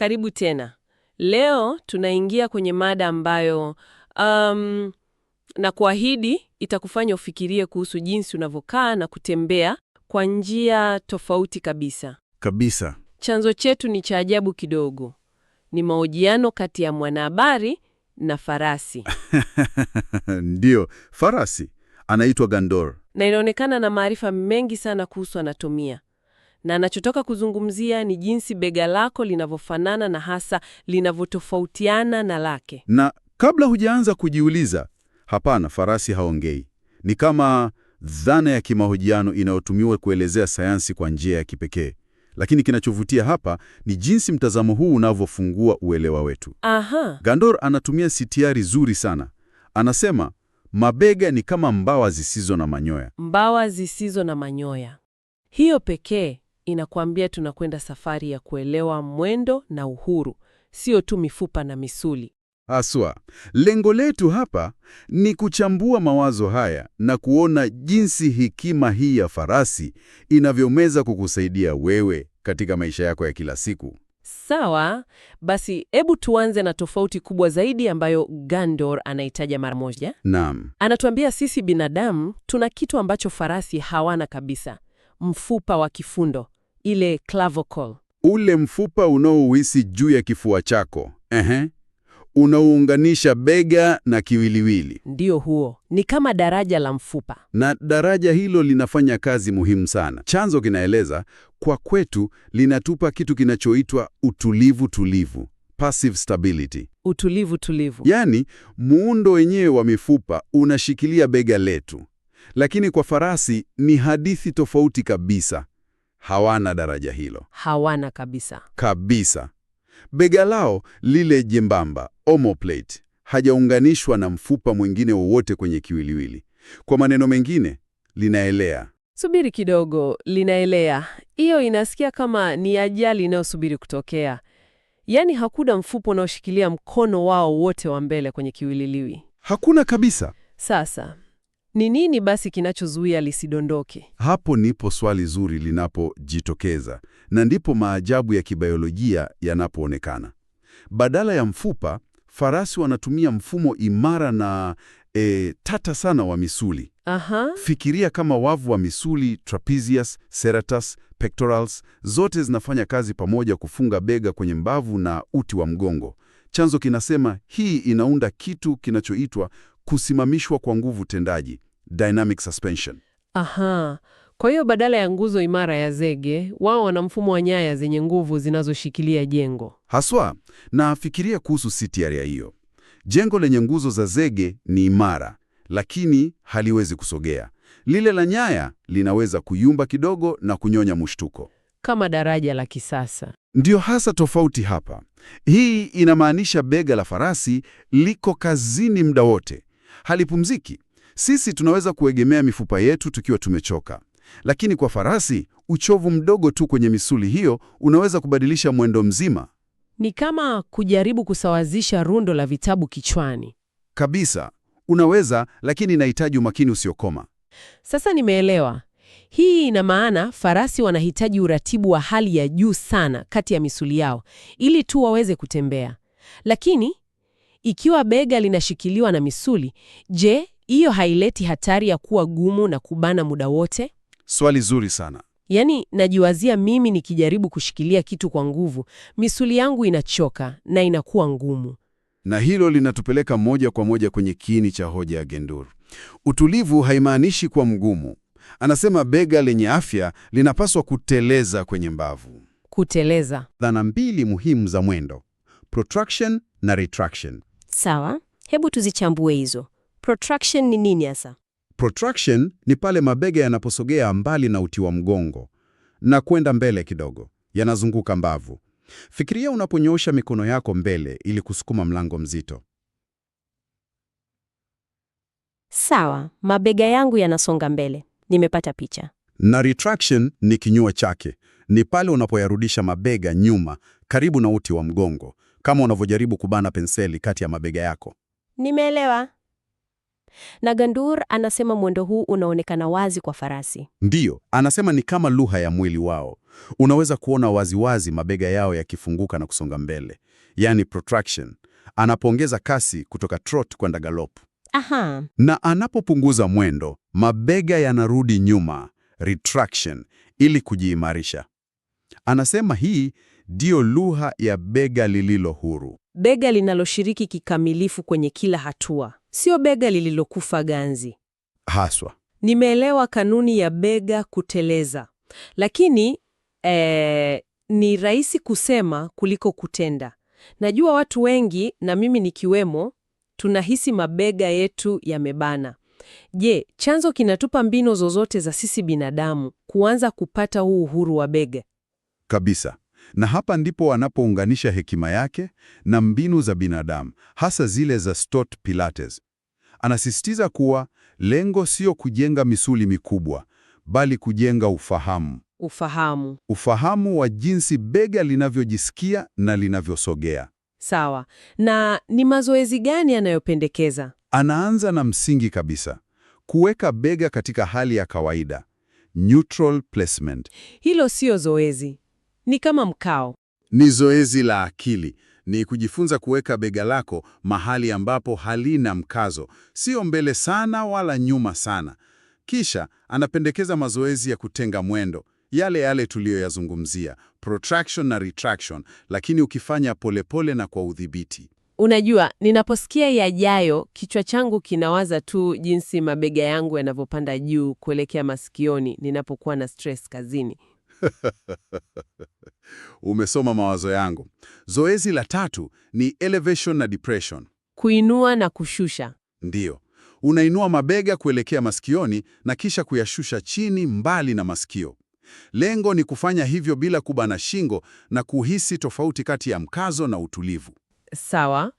Karibu tena. Leo tunaingia kwenye mada ambayo um, na kuahidi itakufanya ufikirie kuhusu jinsi unavyokaa na kutembea kwa njia tofauti kabisa kabisa. Chanzo chetu ni cha ajabu kidogo, ni mahojiano kati ya mwanahabari na farasi ndiyo, farasi anaitwa Gandor na inaonekana na maarifa mengi sana kuhusu anatomia, na anachotoka kuzungumzia ni jinsi bega lako linavyofanana na hasa linavyotofautiana na lake. Na kabla hujaanza kujiuliza, hapana, farasi haongei. Ni kama dhana ya kimahojiano inayotumiwa kuelezea sayansi kwa njia ya kipekee. Lakini kinachovutia hapa ni jinsi mtazamo huu unavyofungua uelewa wetu. Aha. Gandor anatumia sitiari zuri sana. Anasema mabega ni kama mbawa zisizo na manyoya. Mbawa zisizo na manyoya, hiyo pekee inakwambia tunakwenda safari ya kuelewa mwendo na uhuru, sio tu mifupa na misuli. Haswa, lengo letu hapa ni kuchambua mawazo haya na kuona jinsi hekima hii ya farasi inavyomeza kukusaidia wewe katika maisha yako ya kila siku. Sawa, basi hebu tuanze na tofauti kubwa zaidi ambayo Gandor anaitaja mara moja. Naam. Anatuambia sisi binadamu tuna kitu ambacho farasi hawana kabisa, mfupa wa kifundo ile clavicle, ule mfupa unaouhisi juu ya kifua chako. Ehe, unaounganisha bega na kiwiliwili, ndio huo. Ni kama daraja la mfupa, na daraja hilo linafanya kazi muhimu sana. Chanzo kinaeleza kwa kwetu, linatupa kitu kinachoitwa utulivu tulivu Passive stability. Utulivu tulivu. Yaani, muundo wenyewe wa mifupa unashikilia bega letu, lakini kwa farasi ni hadithi tofauti kabisa hawana daraja hilo, hawana kabisa kabisa. Bega lao lile jembamba, omoplate, hajaunganishwa na mfupa mwingine wowote kwenye kiwiliwili. Kwa maneno mengine, linaelea. Subiri kidogo, linaelea. Hiyo inasikia kama ni ajali inayosubiri kutokea. Yaani hakuna mfupa unaoshikilia mkono wao wote wa mbele kwenye kiwiliwili, hakuna kabisa. Sasa ni nini basi kinachozuia lisidondoke? Hapo ndipo swali zuri linapojitokeza na ndipo maajabu ya kibiolojia yanapoonekana. Badala ya mfupa, farasi wanatumia mfumo imara na e, tata sana wa misuli. Aha. Fikiria kama wavu wa misuli trapezius, serratus, pectorals, zote zinafanya kazi pamoja kufunga bega kwenye mbavu na uti wa mgongo. Chanzo kinasema hii inaunda kitu kinachoitwa kusimamishwa kwa nguvu tendaji, dynamic suspension. Aha. Kwa hiyo badala ya nguzo imara ya zege, wao wana mfumo wa nyaya zenye nguvu zinazoshikilia jengo haswa. Na fikiria kuhusu ya hiyo, jengo lenye nguzo za zege ni imara, lakini haliwezi kusogea. Lile la nyaya linaweza kuyumba kidogo na kunyonya mushtuko, kama daraja la kisasa. Ndiyo hasa tofauti hapa. Hii inamaanisha bega la farasi liko kazini muda wote halipumziki. Sisi tunaweza kuegemea mifupa yetu tukiwa tumechoka, lakini kwa farasi uchovu mdogo tu kwenye misuli hiyo unaweza kubadilisha mwendo mzima. Ni kama kujaribu kusawazisha rundo la vitabu kichwani. Kabisa, unaweza, lakini inahitaji umakini usiokoma. Sasa nimeelewa. Hii ina maana farasi wanahitaji uratibu wa hali ya juu sana kati ya misuli yao ili tu waweze kutembea, lakini ikiwa bega linashikiliwa na misuli, je, hiyo haileti hatari ya kuwa gumu na kubana muda wote? Swali zuri sana. Yaani, najiwazia mimi nikijaribu kushikilia kitu kwa nguvu, misuli yangu inachoka na inakuwa ngumu. Na hilo linatupeleka moja kwa moja kwenye kiini cha hoja ya Genduru. Utulivu haimaanishi kuwa mgumu. Anasema bega lenye afya linapaswa kuteleza kwenye mbavu. Kuteleza. Dhana mbili muhimu za mwendo, protraction na retraction. Sawa, hebu tuzichambue hizo. Protraction ni nini hasa? Protraction ni pale mabega yanaposogea mbali na uti wa mgongo na kwenda mbele kidogo, yanazunguka mbavu. Fikiria unaponyosha mikono yako mbele ili kusukuma mlango mzito. Sawa, mabega yangu yanasonga mbele. Nimepata picha. Na retraction ni kinyua chake, ni pale unapoyarudisha mabega nyuma karibu na uti wa mgongo kama unavyojaribu kubana penseli kati ya mabega yako. Nimeelewa. Na Gandour anasema mwendo huu unaonekana wazi kwa farasi. Ndiyo, anasema ni kama lugha ya mwili wao. Unaweza kuona waziwazi mabega yao yakifunguka na kusonga mbele, yaani protraction. Anapoongeza kasi kutoka trot kwenda galop. Aha. Na anapopunguza mwendo, mabega yanarudi nyuma, retraction, ili kujiimarisha. Anasema hii ndiyo lugha ya bega lililo huru, bega linaloshiriki kikamilifu kwenye kila hatua, sio bega lililokufa ganzi. Haswa. Nimeelewa kanuni ya bega kuteleza, lakini eh, ni rahisi kusema kuliko kutenda. Najua watu wengi, na mimi nikiwemo, tunahisi mabega yetu yamebana. Je, chanzo kinatupa mbinu zozote za sisi binadamu kuanza kupata huu uhuru wa bega? Kabisa. Na hapa ndipo anapounganisha hekima yake na mbinu za binadamu, hasa zile za Stott Pilates. Anasisitiza kuwa lengo sio kujenga misuli mikubwa, bali kujenga ufahamu. Ufahamu. Ufahamu wa jinsi bega linavyojisikia na linavyosogea. Sawa. Na ni mazoezi gani anayopendekeza? Anaanza na msingi kabisa, kuweka bega katika hali ya kawaida, neutral placement. Hilo sio zoezi, ni kama mkao, ni zoezi la akili, ni kujifunza kuweka bega lako mahali ambapo halina mkazo, sio mbele sana wala nyuma sana. Kisha anapendekeza mazoezi ya kutenga mwendo yale yale tuliyoyazungumzia, protraction na retraction, lakini ukifanya polepole pole na kwa udhibiti. Unajua, ninaposikia yajayo, kichwa changu kinawaza tu jinsi mabega yangu yanavyopanda juu kuelekea masikioni ninapokuwa na stress kazini. Umesoma mawazo yangu. Zoezi la tatu ni elevation na depression, kuinua na kushusha. Ndiyo, unainua mabega kuelekea masikioni na kisha kuyashusha chini mbali na masikio. Lengo ni kufanya hivyo bila kubana shingo na kuhisi tofauti kati ya mkazo na utulivu. Sawa.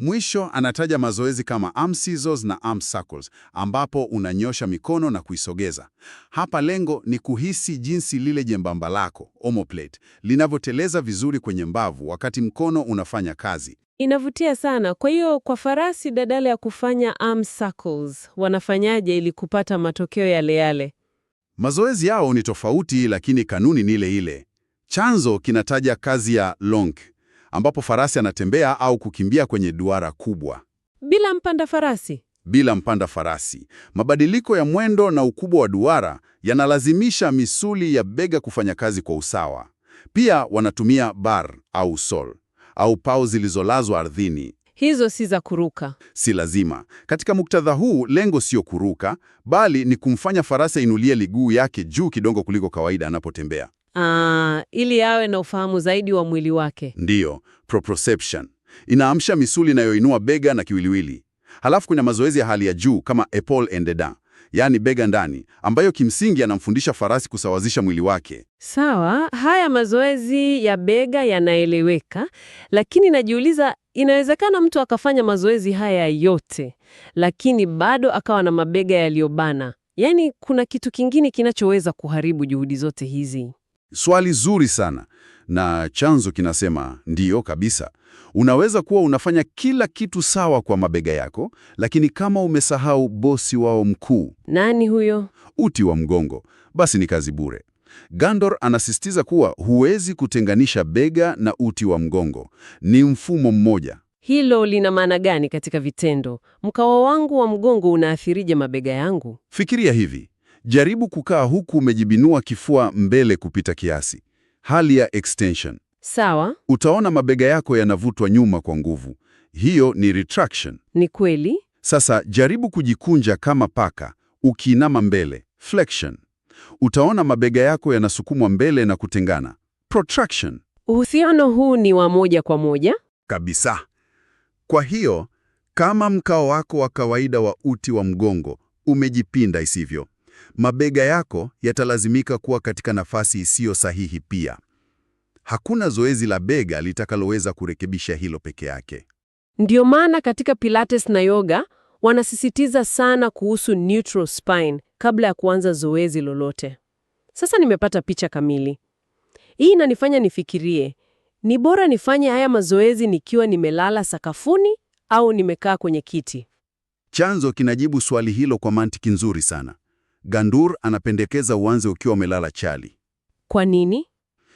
Mwisho anataja mazoezi kama arm scissors na arm circles, ambapo unanyosha mikono na kuisogeza. Hapa lengo ni kuhisi jinsi lile jembamba lako omoplate linavyoteleza vizuri kwenye mbavu wakati mkono unafanya kazi. Inavutia sana. Kwa hiyo kwa farasi, badala ya kufanya arm circles, wanafanyaje ili kupata matokeo yale yale? Mazoezi yao ni tofauti, lakini kanuni ni ile ile. Chanzo kinataja kazi ya Lonk ambapo farasi anatembea au kukimbia kwenye duara kubwa. Bila mpanda farasi? Bila mpanda farasi. Mabadiliko ya mwendo na ukubwa wa duara yanalazimisha misuli ya bega kufanya kazi kwa usawa. Pia wanatumia bar au sol au pau zilizolazwa ardhini. Hizo si za kuruka. Si lazima. Katika muktadha huu, lengo sio kuruka, bali ni kumfanya farasi ainulie liguu yake juu kidogo kuliko kawaida anapotembea. Ah ili awe na ufahamu zaidi wa mwili wake. Ndiyo, proprioception inaamsha misuli inayoinua bega na kiwiliwili. Halafu kuna mazoezi ya hali ya juu kama épaule en dedans, yaani bega ndani, ambayo kimsingi anamfundisha farasi kusawazisha mwili wake. Sawa, haya mazoezi ya bega yanaeleweka, lakini najiuliza, inawezekana mtu akafanya mazoezi haya yote lakini bado akawa na mabega yaliyobana? Yaani, kuna kitu kingine kinachoweza kuharibu juhudi zote hizi. Swali zuri sana, na chanzo kinasema ndiyo kabisa. Unaweza kuwa unafanya kila kitu sawa kwa mabega yako, lakini kama umesahau bosi wao mkuu. Nani huyo? Uti wa mgongo. Basi ni kazi bure. Gandor anasisitiza kuwa huwezi kutenganisha bega na uti wa mgongo, ni mfumo mmoja. Hilo lina maana gani katika vitendo? Mkawa wangu wa mgongo unaathirije mabega yangu? Fikiria hivi: Jaribu kukaa huku umejibinua kifua mbele kupita kiasi, hali ya extension. Sawa, utaona mabega yako yanavutwa nyuma kwa nguvu. Hiyo ni retraction. Ni kweli. Sasa jaribu kujikunja kama paka ukiinama mbele, flexion. Utaona mabega yako yanasukumwa mbele na kutengana, protraction. Uhusiano huu ni wa moja kwa moja kabisa. Kwa hiyo kama mkao wako wa kawaida wa uti wa mgongo umejipinda isivyo mabega yako yatalazimika kuwa katika nafasi isiyo sahihi pia. Hakuna zoezi la bega litakaloweza kurekebisha hilo peke yake. ndio maana katika Pilates na yoga wanasisitiza sana kuhusu neutral spine kabla ya kuanza zoezi lolote. Sasa nimepata picha kamili. Hii inanifanya nifikirie, ni bora nifanye haya mazoezi nikiwa nimelala sakafuni au nimekaa kwenye kiti? Chanzo kinajibu swali hilo kwa mantiki nzuri sana. Gandour anapendekeza uanze ukiwa umelala chali. Kwa nini?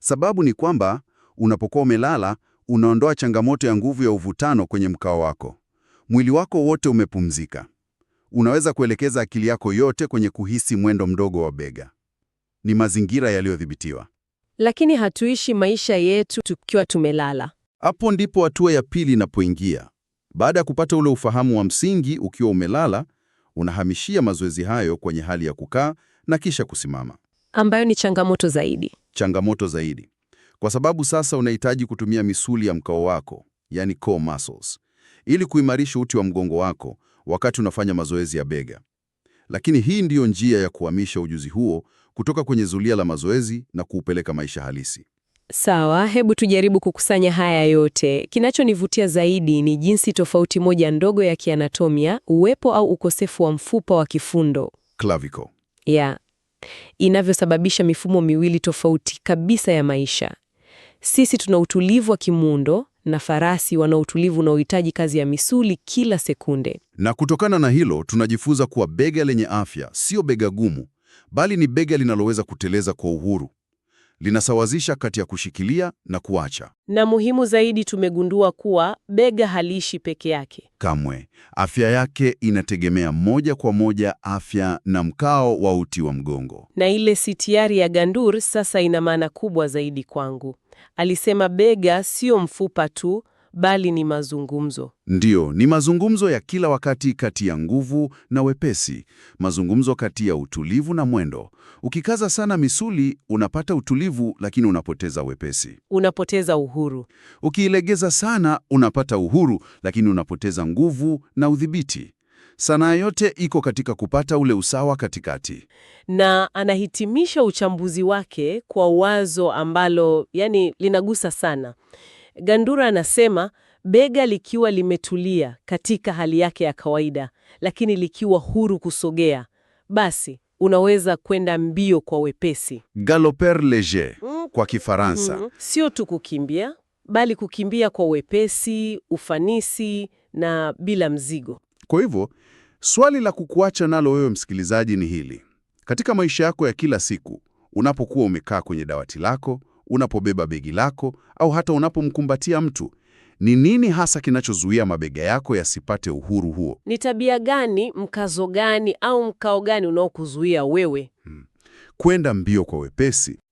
Sababu ni kwamba unapokuwa umelala unaondoa changamoto ya nguvu ya uvutano kwenye mkao wako. Mwili wako wote umepumzika, unaweza kuelekeza akili yako yote kwenye kuhisi mwendo mdogo wa bega. Ni mazingira yaliyodhibitiwa. Lakini hatuishi maisha yetu tukiwa tumelala. Hapo ndipo hatua ya pili inapoingia. Baada ya kupata ule ufahamu wa msingi ukiwa umelala, unahamishia mazoezi hayo kwenye hali ya kukaa na kisha kusimama, ambayo ni changamoto zaidi. Changamoto zaidi kwa sababu sasa unahitaji kutumia misuli ya mkao wako, yani core muscles, ili kuimarisha uti wa mgongo wako wakati unafanya mazoezi ya bega. Lakini hii ndiyo njia ya kuhamisha ujuzi huo kutoka kwenye zulia la mazoezi na kuupeleka maisha halisi. Sawa, hebu tujaribu kukusanya haya yote. Kinachonivutia zaidi ni jinsi tofauti moja ndogo ya kianatomia, uwepo au ukosefu wa mfupa wa kifundo clavicle, yeah, inavyosababisha mifumo miwili tofauti kabisa ya maisha. Sisi tuna utulivu wa kimuundo na farasi wana utulivu unaohitaji kazi ya misuli kila sekunde. Na kutokana na hilo tunajifunza kuwa bega lenye afya sio bega gumu, bali ni bega linaloweza kuteleza kwa uhuru linasawazisha kati ya kushikilia na kuacha. Na muhimu zaidi, tumegundua kuwa bega haliishi peke yake kamwe. Afya yake inategemea moja kwa moja afya na mkao wa uti wa mgongo. Na ile sitiari ya Gandour sasa ina maana kubwa zaidi kwangu. Alisema bega sio mfupa tu, bali ni mazungumzo. Ndiyo, ni mazungumzo ya kila wakati kati ya nguvu na wepesi, mazungumzo kati ya utulivu na mwendo. Ukikaza sana misuli, unapata utulivu, lakini unapoteza wepesi, unapoteza uhuru. Ukiilegeza sana, unapata uhuru, lakini unapoteza nguvu na udhibiti. Sanaa yote iko katika kupata ule usawa katikati. Na anahitimisha uchambuzi wake kwa wazo ambalo, yani, linagusa sana. Gandura anasema bega likiwa limetulia katika hali yake ya kawaida, lakini likiwa huru kusogea, basi unaweza kwenda mbio kwa wepesi, galoper leger mm. Mm-hmm. kwa Kifaransa mm -hmm. Sio tu kukimbia, bali kukimbia kwa wepesi, ufanisi na bila mzigo. Kwa hivyo swali la kukuacha nalo wewe msikilizaji ni hili: katika maisha yako ya kila siku, unapokuwa umekaa kwenye dawati lako unapobeba begi lako au hata unapomkumbatia mtu. Ni nini hasa kinachozuia mabega yako yasipate uhuru huo? Ni tabia gani, mkazo gani au mkao gani unaokuzuia wewe hmm, kwenda mbio kwa wepesi